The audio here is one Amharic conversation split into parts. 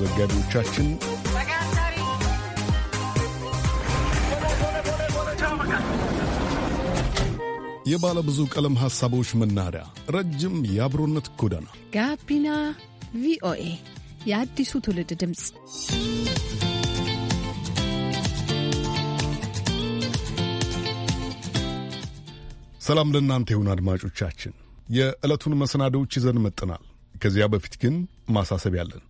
ዘጋቢዎቻችን የባለ ብዙ ቀለም ሐሳቦች መናኸሪያ፣ ረጅም የአብሮነት ጎዳና ጋቢና ቪኦኤ የአዲሱ ትውልድ ድምፅ። ሰላም ለእናንተ ይሁን አድማጮቻችን። የዕለቱን መሰናዶዎች ይዘን መጥናል። ከዚያ በፊት ግን ማሳሰብ አለን።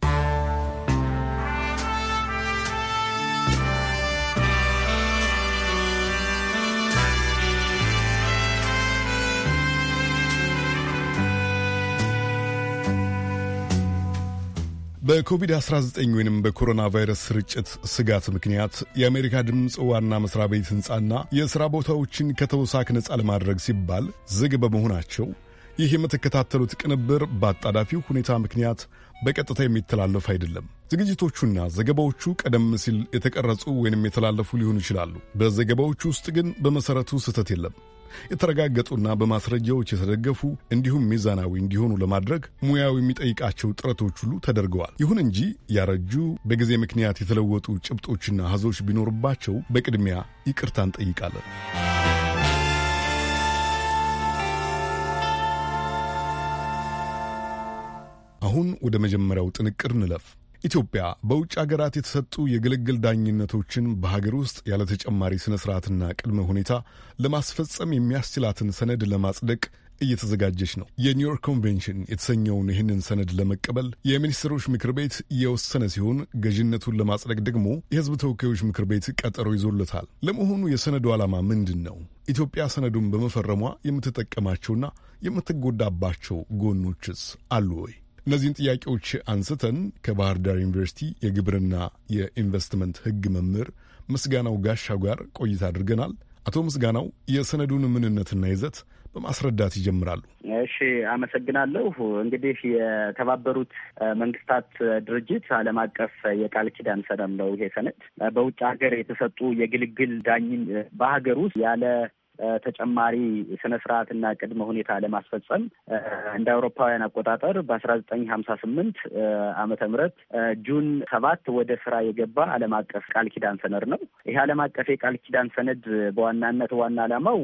በኮቪድ-19 ወይም በኮሮና ቫይረስ ስርጭት ስጋት ምክንያት የአሜሪካ ድምፅ ዋና መስሪያ ቤት ህንፃና የሥራ ቦታዎችን ከተውሳክ ነፃ ለማድረግ ሲባል ዝግ በመሆናቸው ይህ የምትከታተሉት ቅንብር በአጣዳፊው ሁኔታ ምክንያት በቀጥታ የሚተላለፍ አይደለም። ዝግጅቶቹና ዘገባዎቹ ቀደም ሲል የተቀረጹ ወይንም የተላለፉ ሊሆኑ ይችላሉ። በዘገባዎቹ ውስጥ ግን በመሠረቱ ስህተት የለም። የተረጋገጡና በማስረጃዎች የተደገፉ እንዲሁም ሚዛናዊ እንዲሆኑ ለማድረግ ሙያው የሚጠይቃቸው ጥረቶች ሁሉ ተደርገዋል። ይሁን እንጂ ያረጁ፣ በጊዜ ምክንያት የተለወጡ ጭብጦችና ሀዞች ቢኖርባቸው በቅድሚያ ይቅርታ እንጠይቃለን። አሁን ወደ መጀመሪያው ጥንቅር እንለፍ። ኢትዮጵያ በውጭ ሀገራት የተሰጡ የግልግል ዳኝነቶችን በሀገር ውስጥ ያለ ተጨማሪ ስነ ስርዓትና ቅድመ ሁኔታ ለማስፈጸም የሚያስችላትን ሰነድ ለማጽደቅ እየተዘጋጀች ነው። የኒውዮርክ ኮንቬንሽን የተሰኘውን ይህንን ሰነድ ለመቀበል የሚኒስትሮች ምክር ቤት የወሰነ ሲሆን ገዥነቱን ለማጽደቅ ደግሞ የሕዝብ ተወካዮች ምክር ቤት ቀጠሮ ይዞለታል። ለመሆኑ የሰነዱ ዓላማ ምንድን ነው? ኢትዮጵያ ሰነዱን በመፈረሟ የምትጠቀማቸውና የምትጎዳባቸው ጎኖችስ አሉ ወይ? እነዚህን ጥያቄዎች አንስተን ከባህር ዳር ዩኒቨርሲቲ የግብርና የኢንቨስትመንት ሕግ መምህር ምስጋናው ጋሻው ጋር ቆይታ አድርገናል። አቶ ምስጋናው የሰነዱን ምንነትና ይዘት በማስረዳት ይጀምራሉ። እሺ፣ አመሰግናለሁ። እንግዲህ የተባበሩት መንግስታት ድርጅት ዓለም አቀፍ የቃል ኪዳን ሰነድ ነው። ይሄ ሰነድ በውጭ ሀገር የተሰጡ የግልግል ዳኝን በሀገር ውስጥ ያለ ተጨማሪ ስነ ስርዓትና ቅድመ ሁኔታ ለማስፈጸም እንደ አውሮፓውያን አቆጣጠር በአስራ ዘጠኝ ሀምሳ ስምንት አመተ ምህረት ጁን ሰባት ወደ ስራ የገባ ዓለም አቀፍ ቃል ኪዳን ሰነድ ነው። ይህ ዓለም አቀፍ የቃል ኪዳን ሰነድ በዋናነት ዋና ዓላማው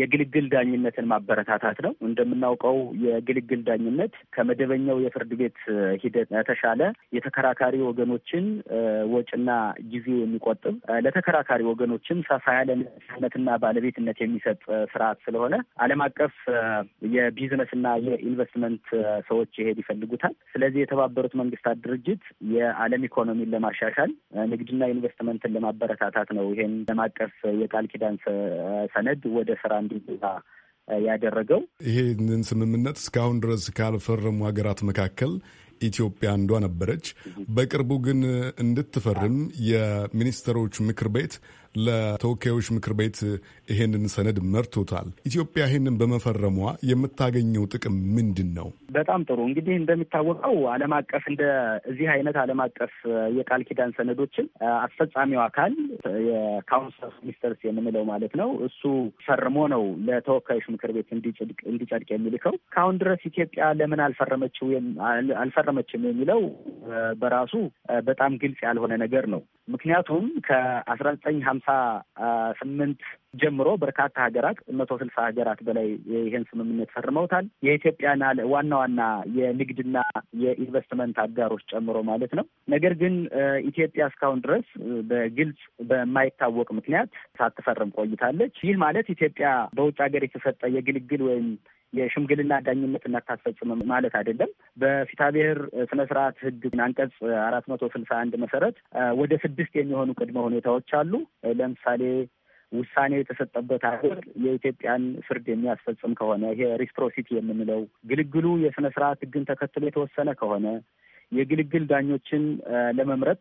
የግልግል ዳኝነትን ማበረታታት ነው። እንደምናውቀው የግልግል ዳኝነት ከመደበኛው የፍርድ ቤት ሂደት ተሻለ የተከራካሪ ወገኖችን ወጪና ጊዜ የሚቆጥብ ለተከራካሪ ወገኖችም ሰፋ ያለ ነፃነትና ባለቤትነት የሚሰጥ ስርዓት ስለሆነ ዓለም አቀፍ የቢዝነስ እና የኢንቨስትመንት ሰዎች ይሄድ ይፈልጉታል። ስለዚህ የተባበሩት መንግስታት ድርጅት የዓለም ኢኮኖሚን ለማሻሻል ንግድና ኢንቨስትመንትን ለማበረታታት ነው ይሄን ዓለም አቀፍ የቃል ኪዳን ሰነድ ወደ ስራ እንዲገባ ያደረገው። ይሄንን ስምምነት እስካሁን ድረስ ካልፈረሙ ሀገራት መካከል ኢትዮጵያ አንዷ ነበረች። በቅርቡ ግን እንድትፈርም የሚኒስትሮች ምክር ቤት ለተወካዮች ምክር ቤት ይሄንን ሰነድ መርቶታል። ኢትዮጵያ ይሄንን በመፈረሟ የምታገኘው ጥቅም ምንድን ነው? በጣም ጥሩ እንግዲህ እንደሚታወቀው ዓለም አቀፍ እንደ እዚህ አይነት ዓለም አቀፍ የቃል ኪዳን ሰነዶችን አስፈጻሚው አካል የካውንስል ኦፍ ሚኒስተርስ የምንለው ማለት ነው እሱ ፈርሞ ነው ለተወካዮች ምክር ቤት እንዲጸድቅ የሚልከው። ከአሁን ድረስ ኢትዮጵያ ለምን አልፈረመችው አልፈረመችም የሚለው በራሱ በጣም ግልጽ ያልሆነ ነገር ነው። ምክንያቱም ከአስራ ዘጠኝ ከሀምሳ ስምንት ጀምሮ በርካታ ሀገራት መቶ ስልሳ ሀገራት በላይ ይህን ስምምነት ፈርመውታል። የኢትዮጵያን ዋና ዋና የንግድና የኢንቨስትመንት አጋሮች ጨምሮ ማለት ነው። ነገር ግን ኢትዮጵያ እስካሁን ድረስ በግልጽ በማይታወቅ ምክንያት ሳትፈርም ቆይታለች። ይህ ማለት ኢትዮጵያ በውጭ ሀገር የተሰጠ የግልግል ወይም የሽምግልና ዳኝነት እናታስፈጽምም ማለት አይደለም። በፊታብሔር ስነ ስርዓት ህግ አንቀጽ አራት መቶ ስልሳ አንድ መሰረት ወደ ስድስት የሚሆኑ ቅድመ ሁኔታዎች አሉ። ለምሳሌ ውሳኔ የተሰጠበት ሀገር የኢትዮጵያን ፍርድ የሚያስፈጽም ከሆነ ይሄ ሪስፕሮሲቲ የምንለው ግልግሉ የስነ ስርዓት ህግን ተከትሎ የተወሰነ ከሆነ የግልግል ዳኞችን ለመምረጥ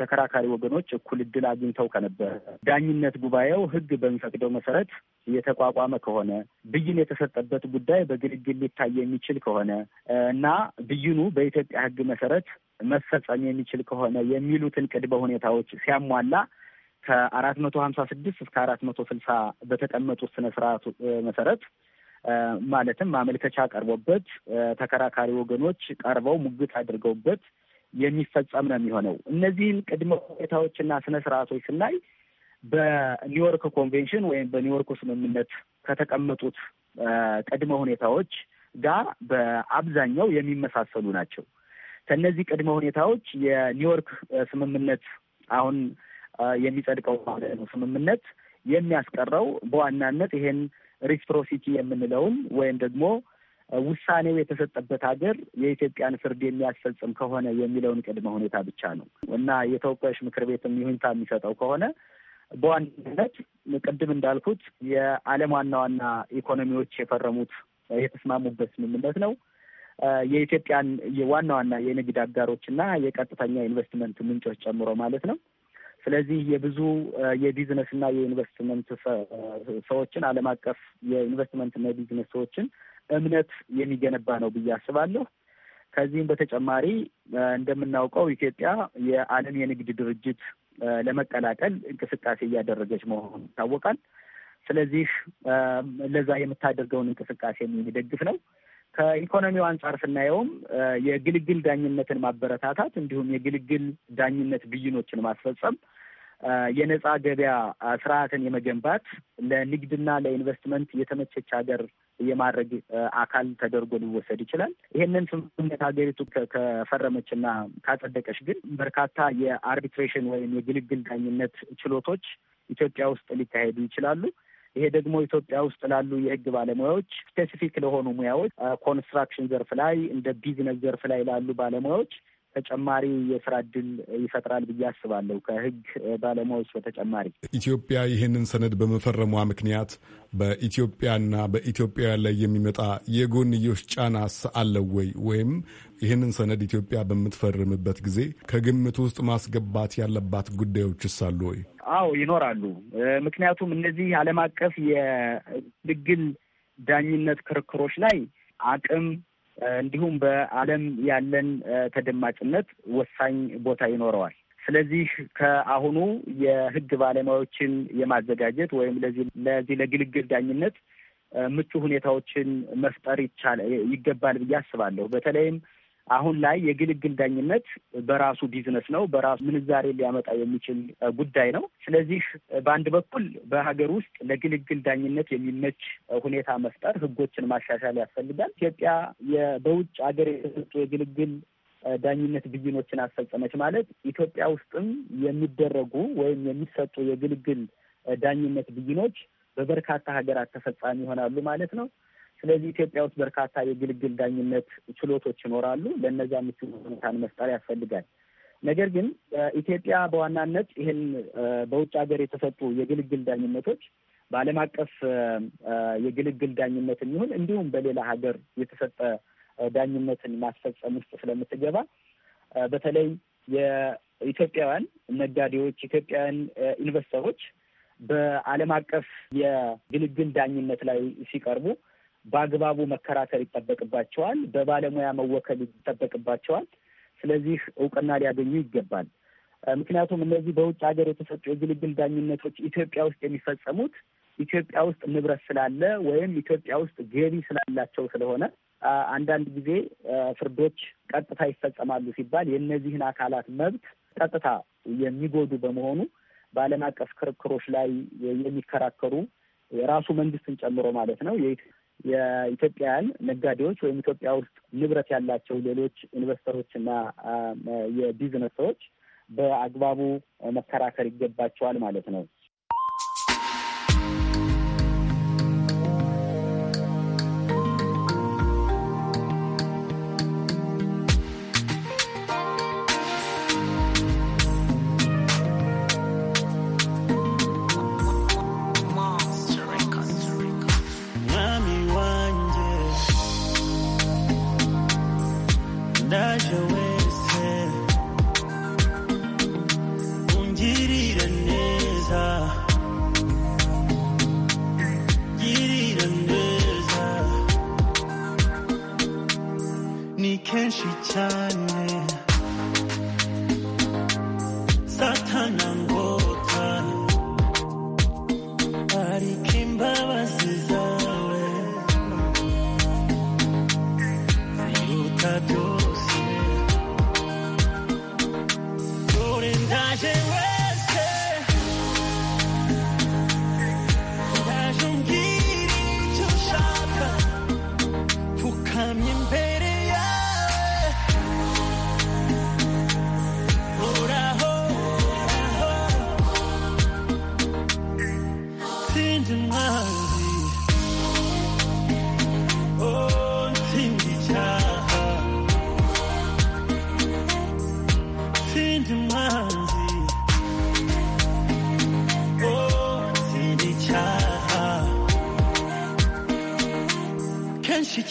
ተከራካሪ ወገኖች እኩል እድል አግኝተው ከነበረ ዳኝነት ጉባኤው ሕግ በሚፈቅደው መሰረት የተቋቋመ ከሆነ ብይን የተሰጠበት ጉዳይ በግልግል ሊታይ የሚችል ከሆነ እና ብይኑ በኢትዮጵያ ሕግ መሰረት መፈጸም የሚችል ከሆነ የሚሉትን ቅድመ ሁኔታዎች ሲያሟላ ከአራት መቶ ሀምሳ ስድስት እስከ አራት መቶ ስልሳ በተቀመጡት ስነ ስርዓቱ መሰረት ማለትም ማመልከቻ ቀርቦበት ተከራካሪ ወገኖች ቀርበው ሙግት አድርገውበት የሚፈጸም ነው የሚሆነው። እነዚህን ቅድመ ሁኔታዎችና ስነ ስርዓቶች ስናይ በኒውዮርክ ኮንቬንሽን ወይም በኒውዮርኩ ስምምነት ከተቀመጡት ቅድመ ሁኔታዎች ጋር በአብዛኛው የሚመሳሰሉ ናቸው። ከእነዚህ ቅድመ ሁኔታዎች የኒውዮርክ ስምምነት አሁን የሚጸድቀው ማለት ነው ስምምነት የሚያስቀረው በዋናነት ይሄን ሪስፕሮሲቲ የምንለውን ወይም ደግሞ ውሳኔው የተሰጠበት ሀገር የኢትዮጵያን ፍርድ የሚያስፈጽም ከሆነ የሚለውን ቅድመ ሁኔታ ብቻ ነው እና የተወካዮች ምክር ቤትም ይሁንታ የሚሰጠው ከሆነ በዋናነት ቅድም እንዳልኩት የዓለም ዋና ዋና ኢኮኖሚዎች የፈረሙት የተስማሙበት ስምምነት ነው። የኢትዮጵያን ዋና ዋና የንግድ አጋሮችና የቀጥተኛ ኢንቨስትመንት ምንጮች ጨምሮ ማለት ነው ስለዚህ የብዙ የቢዝነስ እና የኢንቨስትመንት ሰዎችን ዓለም አቀፍ የኢንቨስትመንት እና የቢዝነስ ሰዎችን እምነት የሚገነባ ነው ብዬ አስባለሁ። ከዚህም በተጨማሪ እንደምናውቀው ኢትዮጵያ የዓለም የንግድ ድርጅት ለመቀላቀል እንቅስቃሴ እያደረገች መሆኑ ይታወቃል። ስለዚህ ለዛ የምታደርገውን እንቅስቃሴ የሚደግፍ ነው። ከኢኮኖሚው አንጻር ስናየውም የግልግል ዳኝነትን ማበረታታት እንዲሁም የግልግል ዳኝነት ብይኖችን ማስፈጸም የነፃ ገበያ ስርዓትን የመገንባት ለንግድና ለኢንቨስትመንት የተመቸች ሀገር የማድረግ አካል ተደርጎ ሊወሰድ ይችላል። ይሄንን ስምምነት ሀገሪቱ ከፈረመችና ካጸደቀች ግን በርካታ የአርቢትሬሽን ወይም የግልግል ዳኝነት ችሎቶች ኢትዮጵያ ውስጥ ሊካሄዱ ይችላሉ። ይሄ ደግሞ ኢትዮጵያ ውስጥ ላሉ የህግ ባለሙያዎች ስፔሲፊክ ለሆኑ ሙያዎች ኮንስትራክሽን ዘርፍ ላይ እንደ ቢዝነስ ዘርፍ ላይ ላሉ ባለሙያዎች ተጨማሪ የስራ እድል ይፈጥራል ብዬ አስባለሁ። ከህግ ባለሙያዎች በተጨማሪ ኢትዮጵያ ይህንን ሰነድ በመፈረሟ ምክንያት በኢትዮጵያና በኢትዮጵያውያን ላይ የሚመጣ የጎንዮሽ ጫናስ አለው ወይ? ወይም ይህንን ሰነድ ኢትዮጵያ በምትፈርምበት ጊዜ ከግምት ውስጥ ማስገባት ያለባት ጉዳዮችስ አሉ ወይ? አዎ ይኖራሉ። ምክንያቱም እነዚህ ዓለም አቀፍ የግል ዳኝነት ክርክሮች ላይ አቅም እንዲሁም በዓለም ያለን ተደማጭነት ወሳኝ ቦታ ይኖረዋል። ስለዚህ ከአሁኑ የህግ ባለሙያዎችን የማዘጋጀት ወይም ለዚህ ለዚህ ለግልግል ዳኝነት ምቹ ሁኔታዎችን መፍጠር ይቻላል ይገባል ብዬ አስባለሁ። በተለይም አሁን ላይ የግልግል ዳኝነት በራሱ ቢዝነስ ነው፣ በራሱ ምንዛሬ ሊያመጣ የሚችል ጉዳይ ነው። ስለዚህ በአንድ በኩል በሀገር ውስጥ ለግልግል ዳኝነት የሚመች ሁኔታ መፍጠር፣ ህጎችን ማሻሻል ያስፈልጋል። ኢትዮጵያ በውጭ ሀገር የተሰጡ የግልግል ዳኝነት ብይኖችን አስፈጸመች ማለት ኢትዮጵያ ውስጥም የሚደረጉ ወይም የሚሰጡ የግልግል ዳኝነት ብይኖች በበርካታ ሀገራት ተፈጻሚ ይሆናሉ ማለት ነው። ስለዚህ ኢትዮጵያ ውስጥ በርካታ የግልግል ዳኝነት ችሎቶች ይኖራሉ። ለእነዛ ምቹ ሁኔታን መፍጠር ያስፈልጋል። ነገር ግን ኢትዮጵያ በዋናነት ይህን በውጭ ሀገር የተሰጡ የግልግል ዳኝነቶች በዓለም አቀፍ የግልግል ዳኝነት የሚሆን እንዲሁም በሌላ ሀገር የተሰጠ ዳኝነትን ማስፈጸም ውስጥ ስለምትገባ በተለይ የኢትዮጵያውያን ነጋዴዎች፣ ኢትዮጵያውያን ኢንቨስተሮች በዓለም አቀፍ የግልግል ዳኝነት ላይ ሲቀርቡ በአግባቡ መከራከር ይጠበቅባቸዋል። በባለሙያ መወከል ይጠበቅባቸዋል። ስለዚህ እውቅና ሊያገኙ ይገባል። ምክንያቱም እነዚህ በውጭ ሀገር የተሰጡ የግልግል ዳኝነቶች ኢትዮጵያ ውስጥ የሚፈጸሙት ኢትዮጵያ ውስጥ ንብረት ስላለ ወይም ኢትዮጵያ ውስጥ ገቢ ስላላቸው ስለሆነ አንዳንድ ጊዜ ፍርዶች ቀጥታ ይፈጸማሉ ሲባል የእነዚህን አካላት መብት ቀጥታ የሚጎዱ በመሆኑ በዓለም አቀፍ ክርክሮች ላይ የሚከራከሩ የራሱ መንግስትን ጨምሮ ማለት ነው የኢትዮ የኢትዮጵያውያን ነጋዴዎች ወይም ኢትዮጵያ ውስጥ ንብረት ያላቸው ሌሎች ኢንቨስተሮችና የቢዝነስ ሰዎች በአግባቡ መከራከር ይገባቸዋል ማለት ነው። does your way.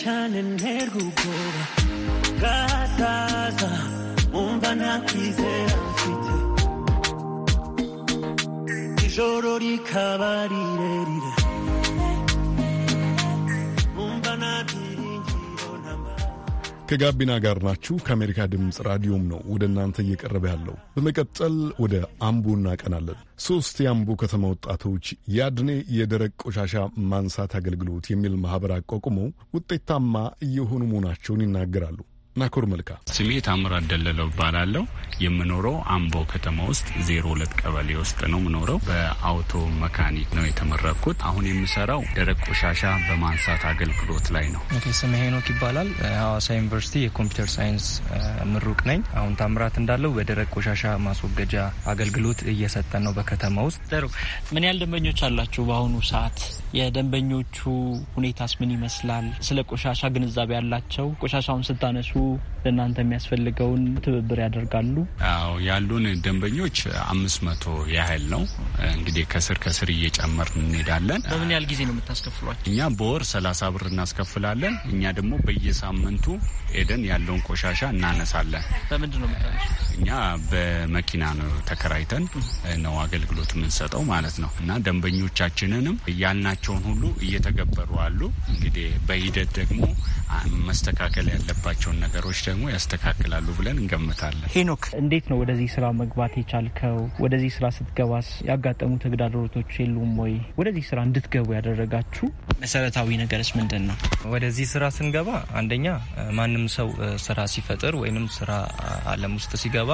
Tuachane ndugu bora ngasaza umva nta mfite ijoro rikabari ከጋቢና ጋር ናችሁ። ከአሜሪካ ድምፅ ራዲዮም ነው ወደ እናንተ እየቀረበ ያለው። በመቀጠል ወደ አምቦ እናቀናለን። ሦስት የአምቦ ከተማ ወጣቶች ያድኔ የደረቅ ቆሻሻ ማንሳት አገልግሎት የሚል ማኅበር አቋቁመው ውጤታማ እየሆኑ መሆናቸውን ይናገራሉ። ናኮር መልካ። ስሜ ታምራት ደለለው እባላለሁ። የምኖረው አምቦ ከተማ ውስጥ ዜሮ ሁለት ቀበሌ ውስጥ ነው ምኖረው በአውቶ መካኒክ ነው የተመረኩት። አሁን የምሰራው ደረቅ ቆሻሻ በማንሳት አገልግሎት ላይ ነው። ስሜ ሄኖክ ይባላል። ሀዋሳ ዩኒቨርሲቲ የኮምፒውተር ሳይንስ ምሩቅ ነኝ። አሁን ታምራት እንዳለው በደረቅ ቆሻሻ ማስወገጃ አገልግሎት እየሰጠ ነው በከተማ ውስጥ። ጥሩ ምን ያህል ደንበኞች አላችሁ በአሁኑ ሰዓት? የደንበኞቹ ሁኔታስ ምን ይመስላል? ስለ ቆሻሻ ግንዛቤ ያላቸው ቆሻሻውን ስታነሱ ለእናንተ የሚያስፈልገውን ትብብር ያደርጋሉ? አዎ ያሉን ደንበኞች አምስት መቶ ያህል ነው። እንግዲህ ከስር ከስር እየጨመር እንሄዳለን። በምን ያህል ጊዜ ነው የምታስከፍሏል? እኛ በወር ሰላሳ ብር እናስከፍላለን። እኛ ደግሞ በየሳምንቱ ሄደን ያለውን ቆሻሻ እናነሳለን። በምንድን ነው እኛ በመኪና ነው ተከራይተን ነው አገልግሎት የምንሰጠው ማለት ነው እና ደንበኞቻችንንም ያልናቸው ያልናቸውን ሁሉ እየተገበሩ አሉ። እንግዲህ በሂደት ደግሞ መስተካከል ያለባቸውን ነገሮች ደግሞ ያስተካክላሉ ብለን እንገምታለን። ሄኖክ፣ እንዴት ነው ወደዚህ ስራ መግባት የቻልከው? ወደዚህ ስራ ስትገባስ ያጋጠሙ ተግዳሮቶች የሉም ወይ? ወደዚህ ስራ እንድትገቡ ያደረጋችሁ መሰረታዊ ነገሮች ምንድን ነው? ወደዚህ ስራ ስንገባ አንደኛ ማንም ሰው ስራ ሲፈጥር ወይንም ስራ አለም ውስጥ ሲገባ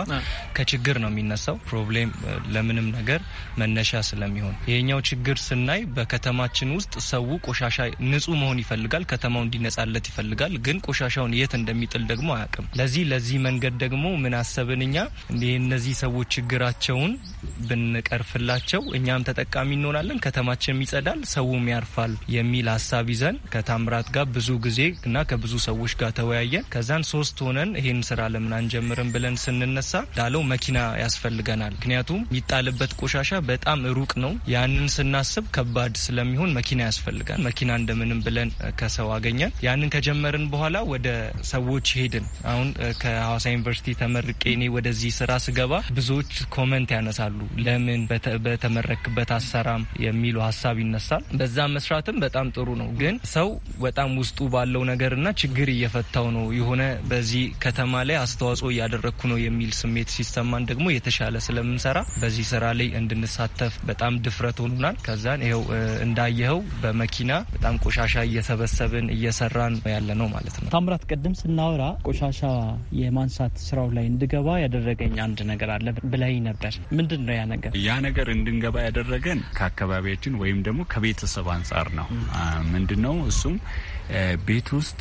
ከችግር ነው የሚነሳው። ፕሮብሌም ለምንም ነገር መነሻ ስለሚሆን ይሄኛው ችግር ስናይ በከተማችን ከተማችን ውስጥ ሰው ቆሻሻ ንጹህ መሆን ይፈልጋል፣ ከተማው እንዲነጻለት ይፈልጋል። ግን ቆሻሻውን የት እንደሚጥል ደግሞ አያውቅም። ለዚህ ለዚህ መንገድ ደግሞ ምን አሰብን እኛ እነዚህ ሰዎች ችግራቸውን ብንቀርፍላቸው እኛም ተጠቃሚ እንሆናለን፣ ከተማችንም ይጸዳል፣ ሰውም ያርፋል የሚል ሀሳብ ይዘን ከታምራት ጋር ብዙ ጊዜ እና ከብዙ ሰዎች ጋር ተወያየን። ከዛን ሶስት ሆነን ይህን ስራ ለምን አንጀምርም ብለን ስንነሳ ዳለው መኪና ያስፈልገናል። ምክንያቱም የሚጣልበት ቆሻሻ በጣም ሩቅ ነው። ያንን ስናስብ ከባድ ስለሚሆን ሳይሆን መኪና ያስፈልጋል። መኪና እንደምንም ብለን ከሰው አገኘን። ያንን ከጀመርን በኋላ ወደ ሰዎች ሄድን። አሁን ከሐዋሳ ዩኒቨርሲቲ ተመርቄ እኔ ወደዚህ ስራ ስገባ ብዙዎች ኮመንት ያነሳሉ። ለምን በተመረክበት አሰራም የሚሉ ሀሳብ ይነሳል። በዛ መስራትም በጣም ጥሩ ነው። ግን ሰው በጣም ውስጡ ባለው ነገርና ችግር እየፈታው ነው የሆነ በዚህ ከተማ ላይ አስተዋጽኦ እያደረግኩ ነው የሚል ስሜት ሲሰማን ደግሞ የተሻለ ስለምንሰራ በዚህ ስራ ላይ እንድንሳተፍ በጣም ድፍረት ሆኑናል። ከዛን ይኸው እንዳ እንዳየኸው በመኪና በጣም ቆሻሻ እየሰበሰብን እየሰራን ያለ ነው ማለት ነው። ታምራት፣ ቅድም ስናወራ ቆሻሻ የማንሳት ስራው ላይ እንድገባ ያደረገኝ አንድ ነገር አለ ብላይ ነበር። ምንድን ነው ያ ነገር? ያ ነገር እንድንገባ ያደረገን ከአካባቢያችን ወይም ደግሞ ከቤተሰብ አንጻር ነው። ምንድን ነው እሱም ቤት ውስጥ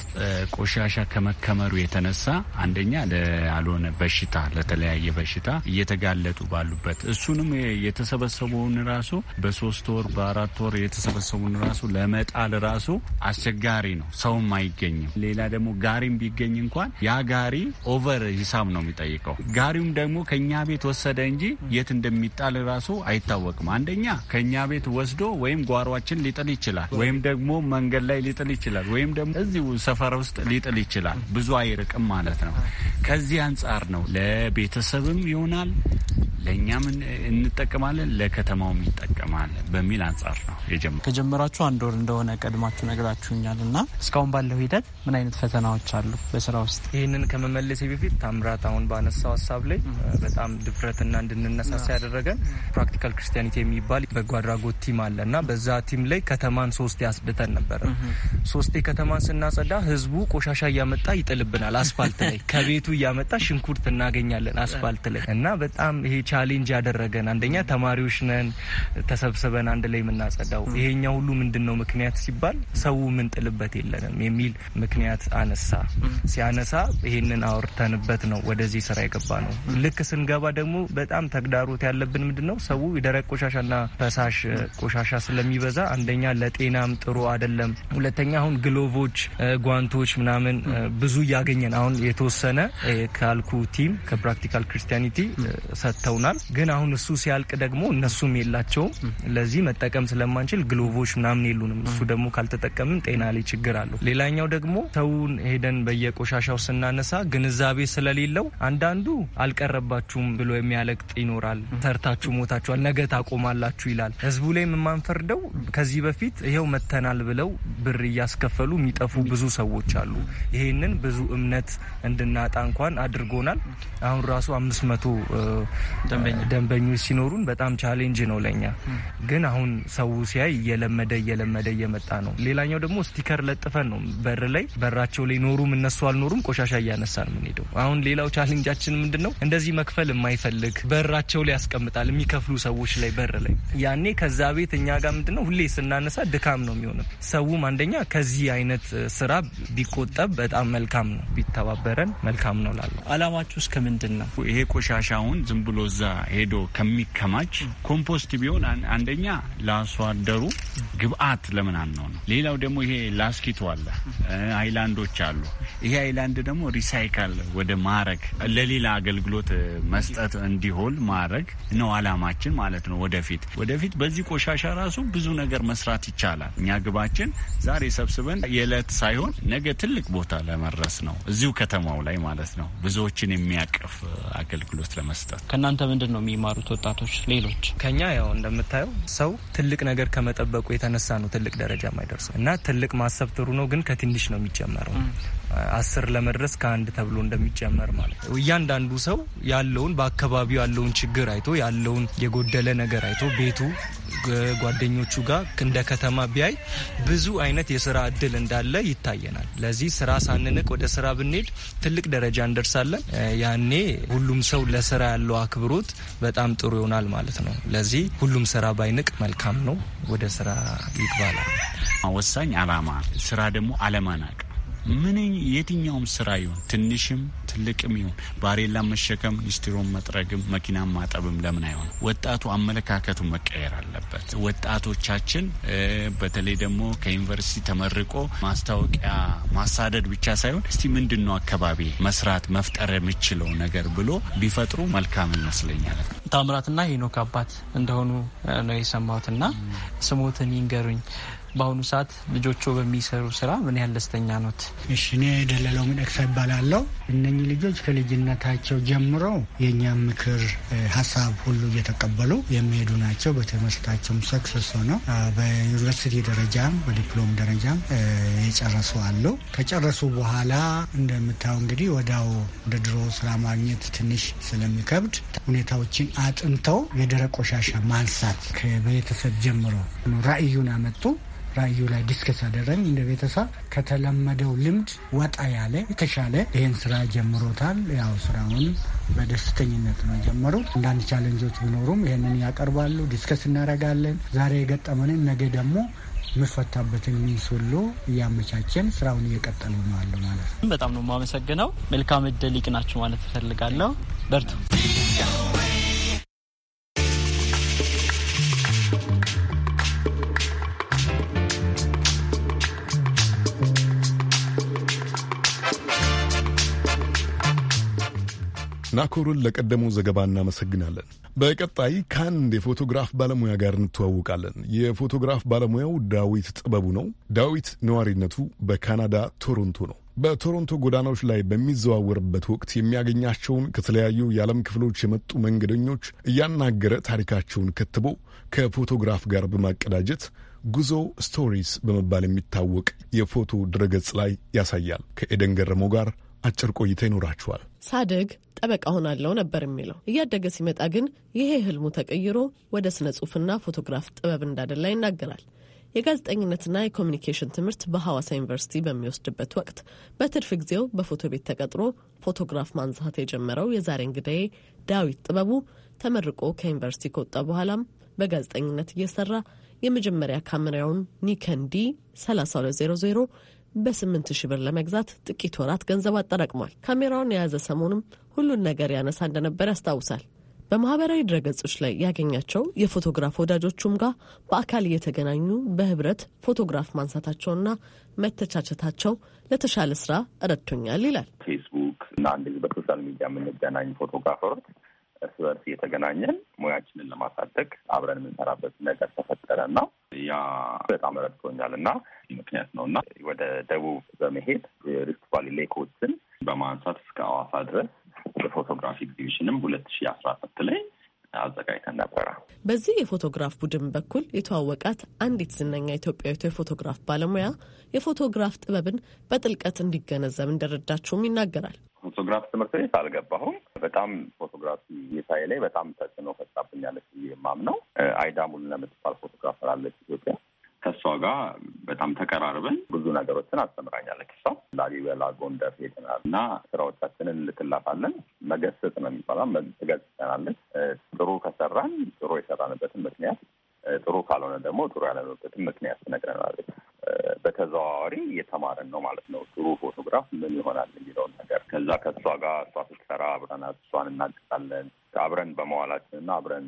ቆሻሻ ከመከመሩ የተነሳ አንደኛ ለአልሆነ በሽታ ለተለያየ በሽታ እየተጋለጡ ባሉበት እሱንም የተሰበሰበውን ራሱ በሶስት ወር በአራት ወር የተሰበ ማህበረሰቡን ራሱ ለመጣል ራሱ አስቸጋሪ ነው። ሰውም አይገኝም። ሌላ ደግሞ ጋሪም ቢገኝ እንኳን ያ ጋሪ ኦቨር ሂሳብ ነው የሚጠይቀው። ጋሪውም ደግሞ ከእኛ ቤት ወሰደ እንጂ የት እንደሚጣል ራሱ አይታወቅም። አንደኛ ከእኛ ቤት ወስዶ ወይም ጓሯችን ሊጥል ይችላል፣ ወይም ደግሞ መንገድ ላይ ሊጥል ይችላል፣ ወይም ደግሞ እዚሁ ሰፈር ውስጥ ሊጥል ይችላል። ብዙ አይርቅም ማለት ነው። ከዚህ አንጻር ነው ለቤተሰብም ይሆናል ለእኛም እንጠቀማለን ለከተማውም ይጠቀማል በሚል አንጻር ነው የጀመረው። ከጀመራችሁ አንድ ወር እንደሆነ ቀድማችሁ ነግራችሁኛል እና እስካሁን ባለው ሂደት ምን አይነት ፈተናዎች አሉ በስራ ውስጥ? ይህንን ከመመለሴ በፊት ታምራት አሁን ባነሳው ሀሳብ ላይ በጣም ድፍረትና እንድንነሳሳ ያደረገን ፕራክቲካል ክርስቲያኒቲ የሚባል በጎ አድራጎት ቲም አለ እና በዛ ቲም ላይ ከተማን ሶስቴ አስድተን ነበረ። ሶስቴ ከተማን ስናጸዳ ህዝቡ ቆሻሻ እያመጣ ይጥልብናል አስፋልት ላይ ከቤቱ እያመጣ ሽንኩርት እናገኛለን አስፋልት ላይ እና በጣም ይሄ ቻሌንጅ ያደረገን አንደኛ ተማሪዎች ነን ተሰብስበን አንድ ላይ የምናጸዳው ይሄ የእኛ ሁሉ ምንድን ነው ምክንያት ሲባል ሰው ምንጥልበት የለንም የሚል ምክንያት አነሳ። ሲያነሳ ይህንን አውርተንበት ነው ወደዚህ ስራ የገባ ነው። ልክ ስንገባ ደግሞ በጣም ተግዳሮት ያለብን ምንድን ነው ሰው የደረቅ ቆሻሻና ፈሳሽ ቆሻሻ ስለሚበዛ አንደኛ ለጤናም ጥሩ አይደለም። ሁለተኛ አሁን ግሎቮች፣ ጓንቶች ምናምን ብዙ እያገኘን አሁን የተወሰነ ካልኩ ቲም ከፕራክቲካል ክርስቲያኒቲ ሰጥተውናል። ግን አሁን እሱ ሲያልቅ ደግሞ እነሱም የላቸውም። ለዚህ መጠቀም ስለማንችል ግሎ ውቦች ምናምን የሉንም። እሱ ደግሞ ካልተጠቀምን ጤና ላይ ችግር አለው። ሌላኛው ደግሞ ሰውን ሄደን በየቆሻሻው ስናነሳ ግንዛቤ ስለሌለው አንዳንዱ አልቀረባችሁም ብሎ የሚያለቅጥ ይኖራል። ሰርታችሁ ሞታችኋል፣ ነገ ታቆማላችሁ ይላል። ህዝቡ ላይ የማንፈርደው ከዚህ በፊት ይኸው መተናል ብለው ብር እያስከፈሉ የሚጠፉ ብዙ ሰዎች አሉ። ይህንን ብዙ እምነት እንድናጣ እንኳን አድርጎናል። አሁን ራሱ አምስት መቶ ደንበኞች ሲኖሩን በጣም ቻሌንጅ ነው ለኛ። ግን አሁን ሰው ሲያይ እየለመደ እየለመደ እየመጣ ነው። ሌላኛው ደግሞ ስቲከር ለጥፈን ነው በር ላይ በራቸው ላይ ኖሩም እነሱ አልኖሩም ቆሻሻ እያነሳን ምንሄደው። አሁን ሌላው ቻሌንጃችን ምንድን ነው? እንደዚህ መክፈል የማይፈልግ በራቸው ላይ ያስቀምጣል የሚከፍሉ ሰዎች ላይ በር ላይ ያኔ ከዛ ቤት እኛ ጋር ምንድን ነው ሁሌ ስናነሳ ድካም ነው የሚሆንም። ሰውም አንደኛ ከዚህ አይነት ስራ ቢቆጠብ በጣም መልካም ነው፣ ቢተባበረን መልካም ነው ላለ አላማችሁ እስከ ምንድን ነው? ይሄ ቆሻሻውን ዝም ብሎ እዛ ሄዶ ከሚከማች ኮምፖስት ቢሆን አንደኛ ለአርሶ አደሩ ግብአት ለምን አንነው ነው። ሌላው ደግሞ ይሄ ላስኪቶ አለ፣ አይላንዶች አሉ። ይሄ አይላንድ ደግሞ ሪሳይካል ወደ ማረግ ለሌላ አገልግሎት መስጠት እንዲሆን ማድረግ ነው አላማችን ማለት ነው። ወደፊት ወደፊት በዚህ ቆሻሻ ራሱ ብዙ ነገር መስራት ይቻላል። እኛ ግባችን ዛሬ ሰብስበን የዕለት ሳይሆን ነገ ትልቅ ቦታ ለመድረስ ነው። እዚሁ ከተማው ላይ ማለት ነው። ብዙዎችን የሚያቅፍ አገልግሎት ለመስጠት ከእናንተ ምንድን ነው የሚማሩት ወጣቶች? ሌሎች ከኛ ያው እንደምታየው ሰው ትልቅ ነገር ከመጠበ ከመጠበቁ የተነሳ ነው ትልቅ ደረጃ የማይደርሱ እና ትልቅ ማሰብ ጥሩ ነው፣ ግን ከትንሽ ነው የሚጀመረው። አስር ለመድረስ ከአንድ ተብሎ እንደሚጀመር ማለት ነው። እያንዳንዱ ሰው ያለውን በአካባቢው ያለውን ችግር አይቶ ያለውን የጎደለ ነገር አይቶ ቤቱ ጓደኞቹ ጋር እንደ ከተማ ቢያይ ብዙ አይነት የስራ እድል እንዳለ ይታየናል። ለዚህ ስራ ሳንንቅ ወደ ስራ ብንሄድ ትልቅ ደረጃ እንደርሳለን። ያኔ ሁሉም ሰው ለስራ ያለው አክብሮት በጣም ጥሩ ይሆናል ማለት ነው። ለዚህ ሁሉም ስራ ባይንቅ መልካም ነው። ወደ ስራ ይግባላል። ወሳኝ አላማ ስራ ደግሞ አለማናቅ ምን የትኛውም ስራ ይሁን ትንሽም ትልቅም ይሁን ባሬላ መሸከም፣ ሚስትሮን መጥረግም፣ መኪናን ማጠብም ለምን አይሆን? ወጣቱ አመለካከቱ መቀየር አለበት። ወጣቶቻችን በተለይ ደግሞ ከዩኒቨርሲቲ ተመርቆ ማስታወቂያ ማሳደድ ብቻ ሳይሆን እስቲ ምንድን ነው አካባቢ መስራት መፍጠር የምችለው ነገር ብሎ ቢፈጥሩ መልካም ይመስለኛል። ታምራትና ሄኖክ አባት እንደሆኑ ነው የሰማሁትና ስሞትን ይንገሩኝ። በአሁኑ ሰዓት ልጆቹ በሚሰሩ ስራ ምን ያህል ደስተኛ ኖት? እሺ፣ እኔ ደለለው ሚደቅሳ ይባላለሁ። እነኚህ ልጆች ከልጅነታቸው ጀምሮ የእኛም ምክር ሀሳብ ሁሉ እየተቀበሉ የሚሄዱ ናቸው። በትምህርታቸውም ሰክሰስ ሆነው በዩኒቨርሲቲ ደረጃም በዲፕሎም ደረጃም የጨረሱ አሉ። ከጨረሱ በኋላ እንደምታየው እንግዲህ ወዳው እንደ ድሮ ስራ ማግኘት ትንሽ ስለሚከብድ ሁኔታዎችን አጥንተው የደረቅ ቆሻሻ ማንሳት ከቤተሰብ ጀምሮ ራዕዩን አመጡ። ራዕዩ ላይ ዲስከስ አደረግን እንደ ቤተሰብ ከተለመደው ልምድ ወጣ ያለ የተሻለ ይህን ስራ ጀምሮታል። ያው ስራውን በደስተኝነት ነው ጀመሩት። አንዳንድ ቻለንጆች ቢኖሩም ይህንን ያቀርባሉ፣ ዲስከስ እናደርጋለን። ዛሬ የገጠመንን ነገ ደግሞ የምፈታበትን ሚንስ ሁሉ እያመቻቸን ስራውን እየቀጠሉ ነው አሉ ማለት ነው። በጣም ነው የማመሰግነው። መልካም እድል ይቅናችሁ ማለት እፈልጋለሁ። በርቱ። ናኮርን ለቀደመው ዘገባ እናመሰግናለን። በቀጣይ ከአንድ የፎቶግራፍ ባለሙያ ጋር እንተዋውቃለን። የፎቶግራፍ ባለሙያው ዳዊት ጥበቡ ነው። ዳዊት ነዋሪነቱ በካናዳ ቶሮንቶ ነው። በቶሮንቶ ጎዳናዎች ላይ በሚዘዋወርበት ወቅት የሚያገኛቸውን ከተለያዩ የዓለም ክፍሎች የመጡ መንገደኞች እያናገረ ታሪካቸውን ከትቦ ከፎቶግራፍ ጋር በማቀዳጀት ጉዞ ስቶሪስ በመባል የሚታወቅ የፎቶ ድረገጽ ላይ ያሳያል። ከኤደን ገረመው ጋር አጭር ቆይታ ይኖራችኋል። ሳድግ ጠበቃ ሆናለው ነበር የሚለው። እያደገ ሲመጣ ግን ይሄ ህልሙ ተቀይሮ ወደ ስነ ጽሁፍና ፎቶግራፍ ጥበብ እንዳደላ ይናገራል። የጋዜጠኝነትና የኮሚኒኬሽን ትምህርት በሐዋሳ ዩኒቨርሲቲ በሚወስድበት ወቅት በትርፍ ጊዜው በፎቶ ቤት ተቀጥሮ ፎቶግራፍ ማንሳት የጀመረው የዛሬ እንግዳዬ ዳዊት ጥበቡ ተመርቆ ከዩኒቨርሲቲ ከወጣ በኋላም በጋዜጠኝነት እየሰራ የመጀመሪያ ካሜራውን ኒከን ዲ 3200 በ8 ብር ለመግዛት ጥቂት ወራት ገንዘብ አጠራቅሟል። ካሜራውን የያዘ ሰሞኑም ሁሉን ነገር ያነሳ እንደነበር ያስታውሳል። በማህበራዊ ድረገጾች ላይ ያገኛቸው የፎቶግራፍ ወዳጆቹም ጋር በአካል እየተገናኙ በህብረት ፎቶግራፍ ማንሳታቸውና መተቻቸታቸው ለተሻለ ስራ ረድቶኛል ይላል። ፌስቡክ እና እንደዚህ በሶሻል ሚዲያ የምንገናኝ ፎቶግራፈሮች እርስ በርስ እየተገናኘን ሙያችንን ለማሳደግ አብረን የምንሰራበት ነገር ተፈጠረ እና ያ በጣም ረድቶኛል እና ምክንያት ነው እና ወደ ደቡብ በመሄድ ሪፍት ቫሊ ሌኮችን በማንሳት እስከ አዋሳ ድረስ የፎቶግራፊ ኤግዚቢሽንም ሁለት ሺ አስራ አራት ላይ አዘጋጅተን ነበረ። በዚህ የፎቶግራፍ ቡድን በኩል የተዋወቃት አንዲት ዝነኛ ኢትዮጵያዊት የፎቶግራፍ ባለሙያ የፎቶግራፍ ጥበብን በጥልቀት እንዲገነዘብ እንደረዳችውም ይናገራል። ፎቶግራፍ ትምህርት ቤት አልገባሁም። በጣም ፎቶግራፊ የሳይ ላይ በጣም ተጽዕኖ ፈጣብኛለች የማምነው አይዳ ሙሉ ለምትባል ፎቶግራፈር አለች ኢትዮጵያ። ከእሷ ጋር በጣም ተቀራርበን ብዙ ነገሮችን አስተምራኛለች። እሷ ላሊበላ፣ ጎንደር ሄደናል እና ስራዎቻችንን እንልክላታለን። መገሰጽ ነው የሚባለው፣ ትገጽተናለች። ጥሩ ከሰራን ጥሩ የሰራንበትን ምክንያት ጥሩ ካልሆነ ደግሞ ጥሩ ያለበትም ምክንያት ትነግረናል። በተዘዋዋሪ እየተማረን ነው ማለት ነው። ጥሩ ፎቶግራፍ ምን ይሆናል የሚለውን ነገር ከዛ ከእሷ ጋር እሷ ስትሰራ አብረናት እሷን እናግጣለን። አብረን በመዋላችን እና አብረን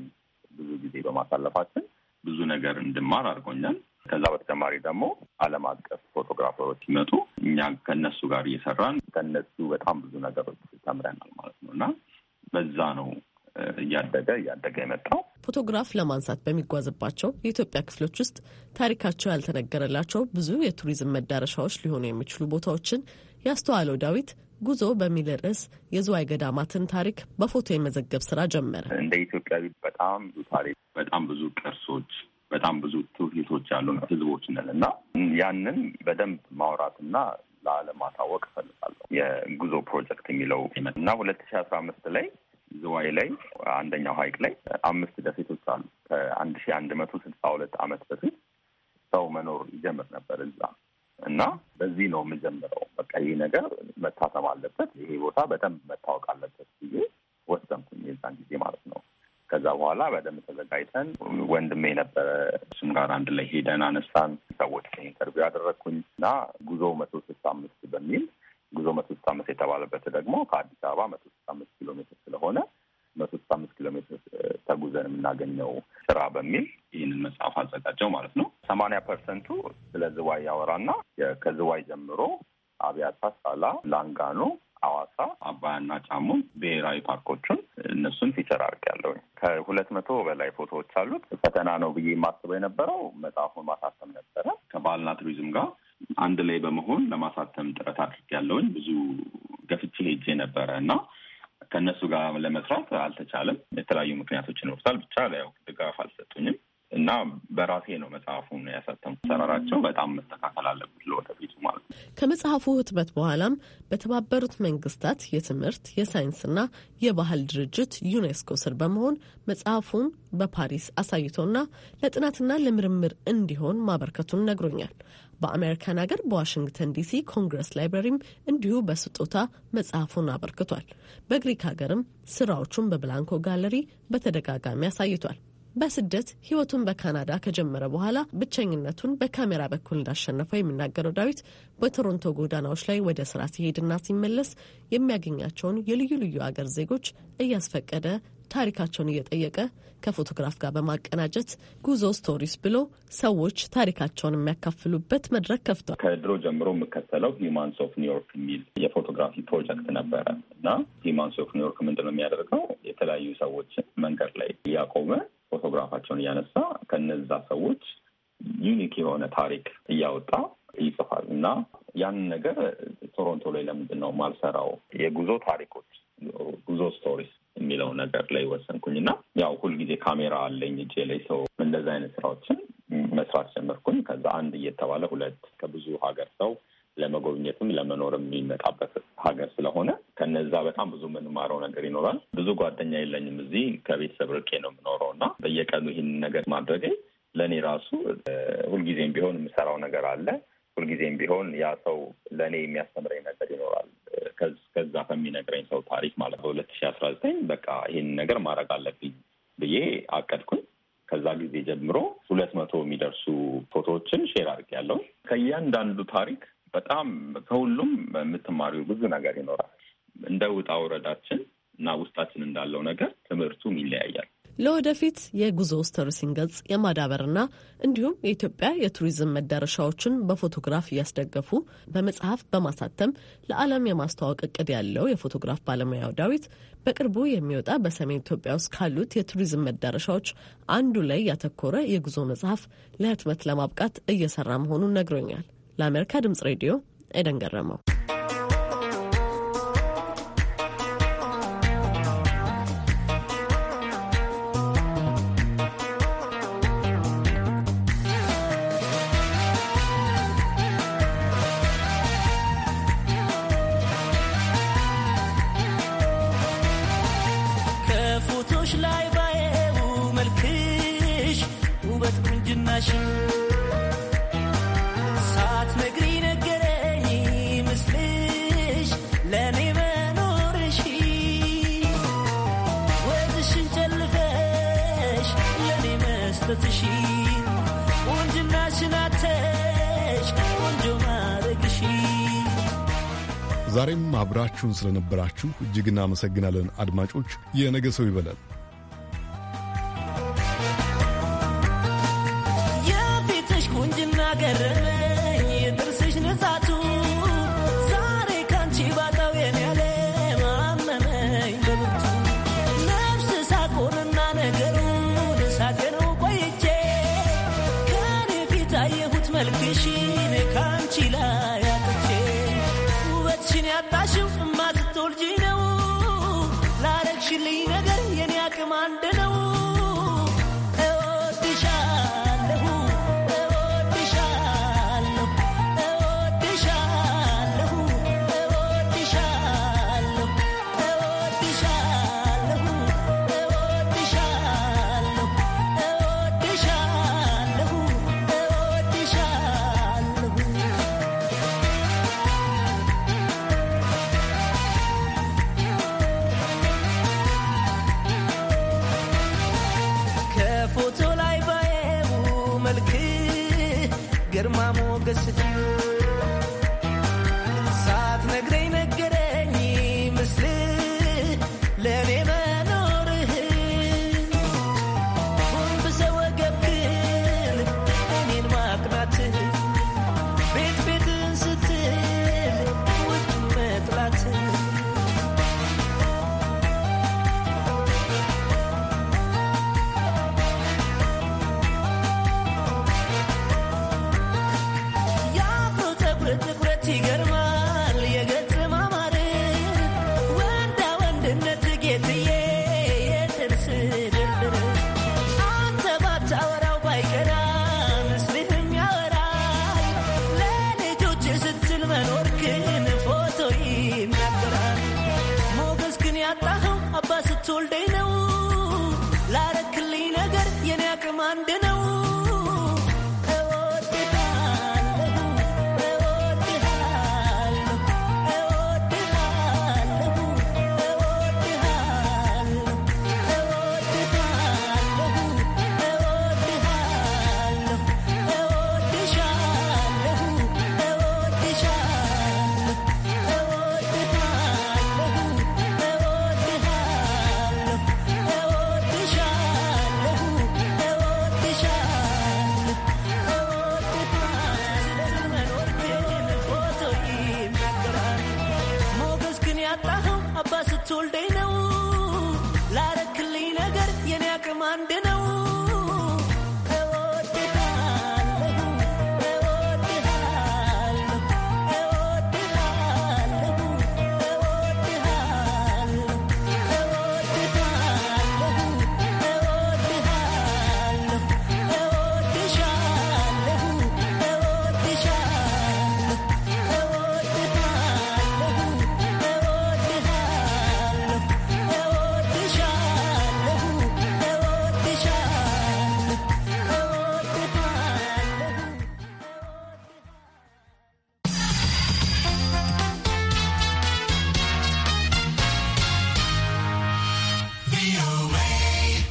ብዙ ጊዜ በማሳለፋችን ብዙ ነገር እንድማር አድርጎኛል። ከዛ በተጨማሪ ደግሞ ዓለም አቀፍ ፎቶግራፈሮች ሲመጡ እኛ ከነሱ ጋር እየሰራን ከነሱ በጣም ብዙ ነገሮች ተምረናል ማለት ነው እና በዛ ነው እያደገ እያደገ የመጣው። ፎቶግራፍ ለማንሳት በሚጓዝባቸው የኢትዮጵያ ክፍሎች ውስጥ ታሪካቸው ያልተነገረላቸው ብዙ የቱሪዝም መዳረሻዎች ሊሆኑ የሚችሉ ቦታዎችን ያስተዋለው ዳዊት ጉዞ በሚል ርዕስ የዝዋይ ገዳማትን ታሪክ በፎቶ የመዘገብ ስራ ጀመረ። እንደ ኢትዮጵያዊ በጣም ብዙ ታሪክ፣ በጣም ብዙ ቅርሶች፣ በጣም ብዙ ትውፊቶች ያሉ ህዝቦች ነን እና ያንን በደንብ ማውራትና ለዓለም ማሳወቅ እፈልጋለሁ። የጉዞ ፕሮጀክት የሚለው እና ሁለት ሺ አስራ አምስት ላይ ዝዋይ ላይ አንደኛው ሀይቅ ላይ አምስት ደሴቶች አሉ። ከአንድ ሺ አንድ መቶ ስልሳ ሁለት ዓመት በፊት ሰው መኖር ይጀምር ነበር እዛ እና በዚህ ነው የምጀምረው። በቃ ይህ ነገር መታተም አለበት፣ ይሄ ቦታ በደንብ መታወቅ አለበት ብዬ ወሰንኩኝ፣ የዛን ጊዜ ማለት ነው። ከዛ በኋላ በደንብ ተዘጋጅተን ወንድሜ የነበረ እሱም ጋር አንድ ላይ ሄደን አነሳን። ሰዎች ኢንተርቪው ያደረግኩኝ እና ጉዞ መቶ ስልሳ አምስት በሚል ጉዞ መቶ ስልሳ አምስት የተባለበት ደግሞ ከአዲስ አበባ መቶ የምናገኘው ስራ በሚል ይህንን መጽሐፍ አዘጋጀው ማለት ነው። ሰማንያ ፐርሰንቱ ስለ ዝዋይ ያወራና ከዝዋይ ጀምሮ አብያታ፣ ሳላ፣ ላንጋኖ፣ አዋሳ፣ አባያና ጫሙን ብሔራዊ ፓርኮቹን እነሱን ፊቸር ያለው ከሁለት መቶ በላይ ፎቶዎች አሉት። ፈተና ነው ብዬ የማስበው የነበረው መጽሐፉን ማሳተም ነበረ። ከባህልና ቱሪዝም ጋር አንድ ላይ በመሆን ለማሳተም ጥረት አድርጌያለሁኝ። ብዙ ገፍቼ ሄጄ ነበረ እና ከእነሱ ጋር ለመስራት አልተቻለም። የተለያዩ ምክንያቶች ይኖርታል። ብቻ ያው ድጋፍ አልሰጡኝም እና በራሴ ነው መጽሐፉን ያሳተሙ። ሰራራቸው በጣም መስተካከል አለበት ለወደፊቱ ማለት ነው። ከመጽሐፉ ህትመት በኋላም በተባበሩት መንግስታት የትምህርት የሳይንስና የባህል ድርጅት ዩኔስኮ ስር በመሆን መጽሐፉን በፓሪስ አሳይቶና ለጥናትና ለምርምር እንዲሆን ማበርከቱን ነግሮኛል። በአሜሪካን ሀገር በዋሽንግተን ዲሲ ኮንግረስ ላይብረሪም እንዲሁ በስጦታ መጽሐፉን አበርክቷል። በግሪክ ሀገርም ስራዎቹን በብላንኮ ጋለሪ በተደጋጋሚ አሳይቷል። በስደት ህይወቱን በካናዳ ከጀመረ በኋላ ብቸኝነቱን በካሜራ በኩል እንዳሸነፈው የሚናገረው ዳዊት በቶሮንቶ ጎዳናዎች ላይ ወደ ስራ ሲሄድና ሲመለስ የሚያገኛቸውን የልዩ ልዩ አገር ዜጎች እያስፈቀደ ታሪካቸውን እየጠየቀ ከፎቶግራፍ ጋር በማቀናጀት ጉዞ ስቶሪስ ብሎ ሰዎች ታሪካቸውን የሚያካፍሉበት መድረክ ከፍቷል። ከድሮ ጀምሮ የምከተለው ሂማንስ ኦፍ ኒውዮርክ የሚል የፎቶግራፊ ፕሮጀክት ነበረ እና ሂማንስ ኦፍ ኒውዮርክ ምንድን ነው የሚያደርገው? የተለያዩ ሰዎች መንገድ ላይ እያቆመ ፎቶግራፋቸውን እያነሳ ከነዛ ሰዎች ዩኒክ የሆነ ታሪክ እያወጣ ይጽፋል እና ያንን ነገር ቶሮንቶ ላይ ለምንድን ነው ማልሰራው? የጉዞ ታሪኮች ጉዞ ስቶሪስ የሚለው ነገር ላይ ወሰንኩኝ እና ያው ሁልጊዜ ካሜራ አለኝ እጄ ላይ ሰው እንደዚ አይነት ስራዎችን መስራት ጀመርኩኝ። ከዛ አንድ እየተባለ ሁለት ከብዙ ሀገር ሰው ለመጎብኘትም ለመኖርም የሚመጣበት ሀገር ስለሆነ ከነዛ በጣም ብዙ የምንማረው ነገር ይኖራል። ብዙ ጓደኛ የለኝም እዚህ ከቤተሰብ ርቄ ነው የምኖረው እና በየቀኑ ይህንን ነገር ማድረገኝ ለእኔ ራሱ ሁልጊዜም ቢሆን የምሰራው ነገር አለ። ሁልጊዜም ቢሆን ያ ሰው ለእኔ የሚያስተምረ ከሚነግረኝ ሰው ታሪክ ማለት በሁለት ሺ አስራ ዘጠኝ በቃ ይህን ነገር ማድረግ አለብኝ ብዬ አቀድኩኝ። ከዛ ጊዜ ጀምሮ ሁለት መቶ የሚደርሱ ፎቶዎችን ሼር ያለው ከእያንዳንዱ ታሪክ በጣም ከሁሉም የምትማሪው ብዙ ነገር ይኖራል። እንደ ውጣ ውረዳችን እና ውስጣችን እንዳለው ነገር ትምህርቱም ይለያያል። ለወደፊት የጉዞ ስተርሲን ገጽ የማዳበርና እንዲሁም የኢትዮጵያ የቱሪዝም መዳረሻዎችን በፎቶግራፍ እያስደገፉ በመጽሐፍ በማሳተም ለዓለም የማስተዋወቅ እቅድ ያለው የፎቶግራፍ ባለሙያው ዳዊት በቅርቡ የሚወጣ በሰሜን ኢትዮጵያ ውስጥ ካሉት የቱሪዝም መዳረሻዎች አንዱ ላይ ያተኮረ የጉዞ መጽሐፍ ለህትመት ለማብቃት እየሰራ መሆኑን ነግሮኛል። ለአሜሪካ ድምጽ ሬዲዮ ኤደን ገረመው። ውፍረትሽን ቆንጅናሽን አተሽ ቆንጆ ዛሬም አብራችሁን ስለነበራችሁ እጅግ እናመሰግናለን አድማጮች። የነገ ሰው ይበላል።